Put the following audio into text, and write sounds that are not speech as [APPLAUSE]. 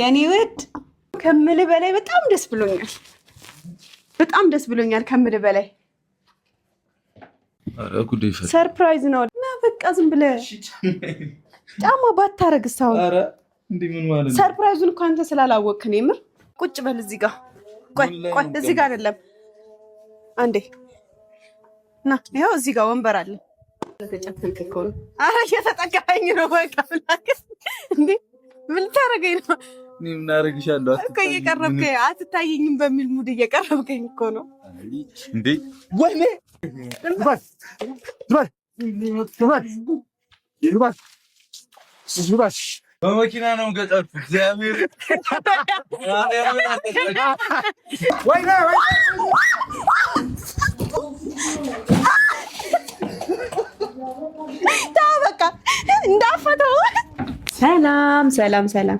የኔ ውድ ከምል በላይ በጣም ደስ ብሎኛል። በጣም ደስ ብሎኛል ከምል በላይ ሰርፕራይዝ ነው እና በቃ ዝም ብለህ ጫማ ባታረግ ሳሁን ሰርፕራይዙን እኮ አንተ ስላላወቅህ ነው። የምር ቁጭ በል እዚህ ጋ ቆይ ቆይ፣ እዚህ ጋር አይደለም አንዴ ና፣ ይኸው እዚህ ጋ ወንበር አለ። ተጨፍንክ እኮ ነው። ኧረ እየተጠቀኸኝ ነው በቃ ብላክስ እያደረገኝ ነው። እኔ ምን እኮ እየቀረብከኝ አትታየኝም በሚል ሙድ እየቀረብከኝ እኮ ነው እንዴ። ወይኔ በመኪና ነው ገጠር እግዚአብሔር [LAUGHS] ሰላም ሰላም ሰላም።